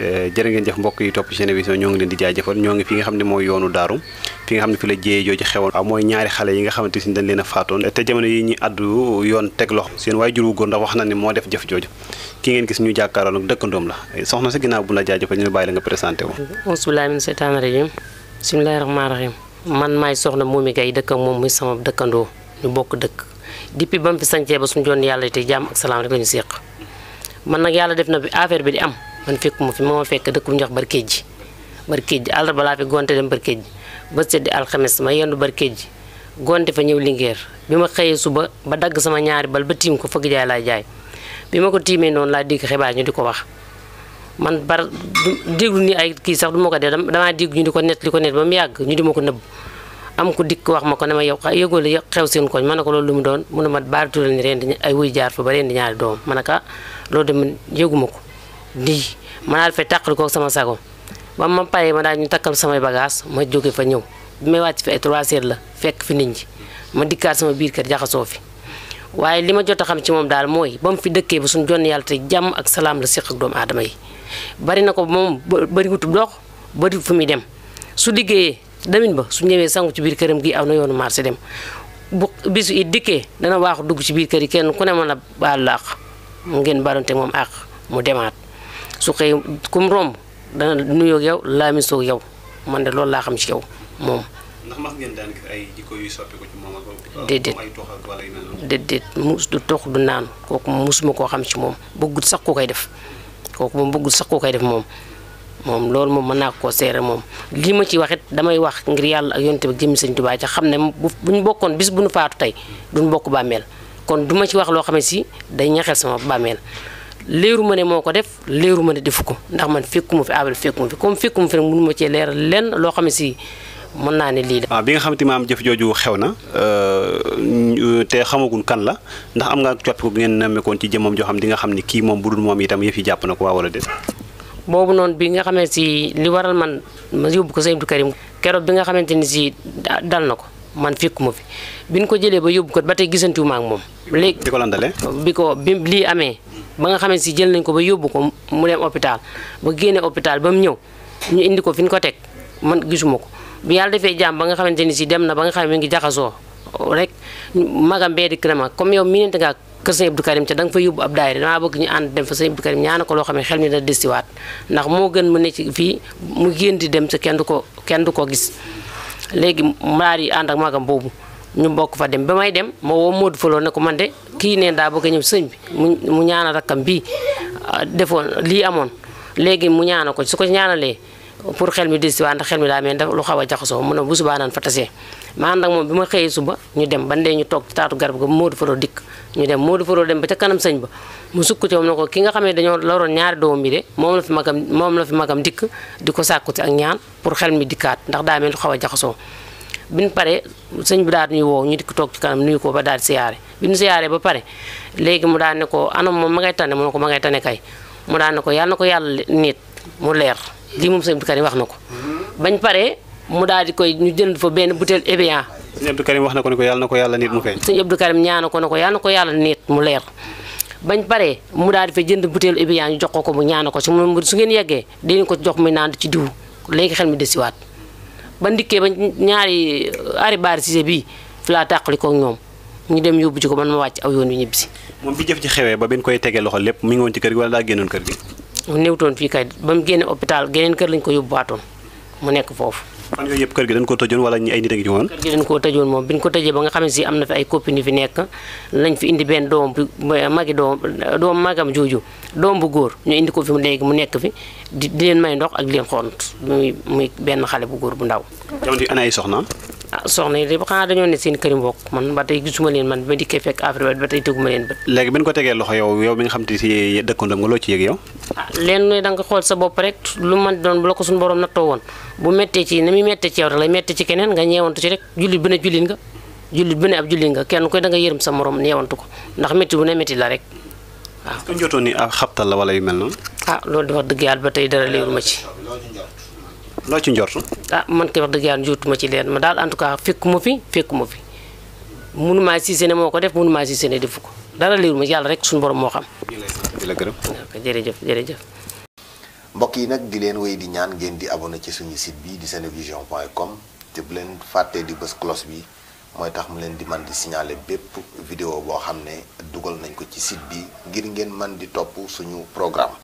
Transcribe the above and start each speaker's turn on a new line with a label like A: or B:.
A: Eh, jërë ngeen jëf mbokk yi topp Senevision ñoo ngi leen di jaajëfal ñoo ngi fi nga xam ne mooy yoonu daaru fi nga xam ne fi la jéyee jooju xewoon aw mooy ñaari xale yi nga xamante ni dañ leen a faatoon te jamono yi ñuy àddu yoon teg loxo seen waajur wu góor ndax wax na ne moo def jëf jooju ki ngeen gis ñu jàkkaaroon ak dëkkandoom la eh, soxna si ginnaaw bu la jaajëfal ñu bàyyi la nga présenté wu
B: auzubillahi mina seytaani rajim bismillahi rahmaani rahim man maay soxna Momy Gaye dëkk ak moom muy sama dëkkandoo ñu bokk dëkk depuis ba mu fi sancee ba suñu joon yàlla tey jàmm ak salaam rek la ñu séq man nag yàlla def na bi affaire bi di am man fekkuma fi ma fekk dëkk bu ñuy wax barkeej ji barkeej ji àllarba laa fi gonte dem barkeej ji ba sedd alxames ma yendu barkeej ji gonte fa ñëw lingeer bi ma xëyee suba ba dagg sama ñaari bal ba tiim ko fëgg jaay laa jaay bi ma ko tiimee noonu laa dégg xebaar ñu di ko wax man bar déglu ni ay kii sax du ma ko dee damaa dégg ñu di ko net li ko net ba mu yàgg ñu di ma ko nëbb am ku dikk wax ma ko ne ma yow ah, yëgoo la xew seen koñ ma ne ko loolu lu mu doon mu ne ma baaratural ni ren ay wuy jaar fa ba ren ñaari doom ah, man na ka loolu dem man ko lii ma daal fay tàqal ko sama sago ba ma paree ma daal ñu takkal samay bagage ma jóge fa ñëw bi may wàcc fi ay trois la fekk fi nit ñi ma dikkaat sama biir kër jaxasoo fi waaye li ma jot a xam ci moom daal mooy ba mu fi dëkkee ba suñu jonn yàlla jàmm ak salaam la séq doomu aadama yi bari na ko moom bari wutu dox bari fu muy dem su liggéeyee damin ba su ñëwee sangu ci biir këram gi aw na yoonu marché dem bu bisu it dikkee dana waaxu dugg ci biir kër yi kenn ku ne mën a baal la àq mu ngeen balonte moom àq mu demaat su xëy kum romb dana nuyoog yow laamin soog yow man de loolu laa xam ci yow moom.
A: ndax mas ngeen daan
B: du tox du naan kooku musuma koo xam ci moom bëggut sax koo koy def kooku moom bëggut sax koo koy def moom. moom loolu moom mën naa koo seere moom lii ma ci waxit damay wax ngir yàlla ak yonte ba jëmmi sëñ Tuubaa ca xam ne bu ñu bokkoon bis bu nu faatu tey duñ bokk bàmmeel kon du ma ci wax loo xam ne si day ñaxel sama bàmmeel léeru ma ne moo ko def léeru ma ne defu ko ndax man fekkuma fi abal fekkuma fi comme fekkuma fi nag mënu ma cee leeral lenn loo xam ne si mën ne lii la. waaw ah, bi nga xamante
A: maam jëf jooju xew na euh, te xamaguñ kan la ndax am nga coppi ko ngeen nemmeekoon ci jëmmam joo xam di nga xam ni kii moom bu moom itam yëf yi jàpp na ko wala des.
B: boobu noonu bi nga xamante si li waral man ma yóbbu ko sëñ Abdou Karim keroog bi nga xamante ni si dal na ko man fekkuma fi bi ñu ko jëlee ba yóbbu ko ba tey gisantiwuma ak moom. léegi bi ko lan bi ko bi lii amee. ba nga xamante si jël nañ ko ba yóbbu ko mu dem hôpital ba génne hôpital ba mu ñëw ñu indi ko fi ñu ko teg man gisuma ko bu yàlla defee jàmm ba nga xamante ni si dem na ba nga xam ne ngi jaxasoo rek magam bee di comme yow miinante nga kër sëñ Abdou Karim ca da nga fa yóbbu ab daayira damaa bëgg ñu ànd dem fa sëñ Abdou Karim ñaana ko loo xam ne xel mi dana destiwaat ndax moo gën mu ne ci fii mu génn di dem sa kenn du ko kenn du ko gis léegi mu daal ànd ak magam boobu ñu mbokk fa dem ba may dem ma woo Modou Fallo ko man de kii neen daa bëgg a ñëw sëñ bi mu ñaanal rakkam bii ah, defoon lii amoon léegi mu ñaana ko su ko ñaanalee pour xel mi desiwaat ndax xel mi daa mel lu xaw a jaxasoo mu bu subaa naan fa tasee ma ànd moom ma xëyee suba ñu dem ban dee ñu toog taatu garab ga Modou Fallo dikk ñu dem Modou Fallo dem ba ca kanam sëñ ba mu sukk ci moom ko ki nga xam ne dañoo loroon ñaari doom bi de moom la fi magam moom la fi magam dikk di ko sàkkuti ak ñaan pour xel mi dikkaat ndax daa mel lu xaw a jaxasoo bi ñu paree sëñ bi daal di ñuy woo ñu dikk toog ci kanam nuyu ko ba daal di siyaare bi ñu siyaaree ba pare léegi mu daal ne ko anam moom ma ngay tane mu ne ko ma ngay tane kay mu daal ne ko yàlla ko yàlla nit mu leer lii moom sëñ bi wax na ko. bañ paree mu daal di koy ñu jënd fa benn butéel Evian. sëñ Abdou Karim wax na ko ne ko yàlla na ko yàlla nit mu feeñ. sëñ ñaan ko ne ko yàlla ko yàlla nit mu leer. bañ paree mu daal di fa jënd butéel Evian ñu jox ko ko mu ñaan ko si su ngeen yeggee dañu ko jox muy naan ci diw léegi xel mi desiwaat ba ndikkee ba ñaari ari baari Cissé bii fi laa tàqali ko ñoom ñu dem yóbbu ji ko man ma wàcc aw yoon wi ñibbisi.
A: moom bi jëf ci xewee ba bin koy tegee loxo lépp mi ngi woon ci kër gi wala daa génnoon kër gi.
B: mu néewtoon fii kay ba mu génne hôpital geneen kër lañ ko yóbbuwaatoon mu nekk foofu.
A: fan yooyu yëpp kër gi dañ ko tëjoon wala ay nit a ngi ci woon. kër
B: gi dañ koo tëjoon moom bi ñu ko tëjee ba nga xam si am na fi ay copine yu fi nekk lañ fi indi benn doom bu eh, magi doom doom magam jooju doom bu góor ñu indi ko fi mu léegi mu nekk fi di di leen may ndox ak di leen xont muy muy benn xale bu góor bu ndaw. jamono ana ah soxna yi de xanaa dañoo ne seen këri mbokk man ba tey gisuma leen man ba dikkee fekk affaire ba tey teguma leen bët.
A: léegi bi ñu ko tegee loxo yow yow mi nga xam te si dëkkandoom nga loo ci yëg yow.
B: Ah, leen ne xool sa bopp rek lu man doon bu la ko suñu borom nattoo woon bu méttee ci ni muy méttee ci yow rek lay méttee ci keneen nga ñeewantu ci rek jullit bu ne jullit nga jullit bu ne ab jullit nga kenn koy danga yërëm sa morom ñeewantu ko ndax métti bu ne métti la rek
A: jotoon ni ab xabtal la wala yu mel noonu.
B: ah loolu dafa dëgg yàlla ba tey dara leeruma ci lo ci njort ah man kay wax deug yaan njortuma ci len ma dal en tout cas fekkuma fi fekkuma fi munu ma ci sene moko def munu ma ci sene defuko dara leeruma yalla rek suñu borom mo xam dila gërem jere jëf jere jëf mbokk
A: yi nak di len wéy di ñaan ngeen di abonné ci suñu site bi di senevision.com te bu len faté di bëss cloche bi moy tax mu len di man di signaler bépp vidéo bo xamné duggal nañ ko ci site bi ngir ngeen man di top suñu programme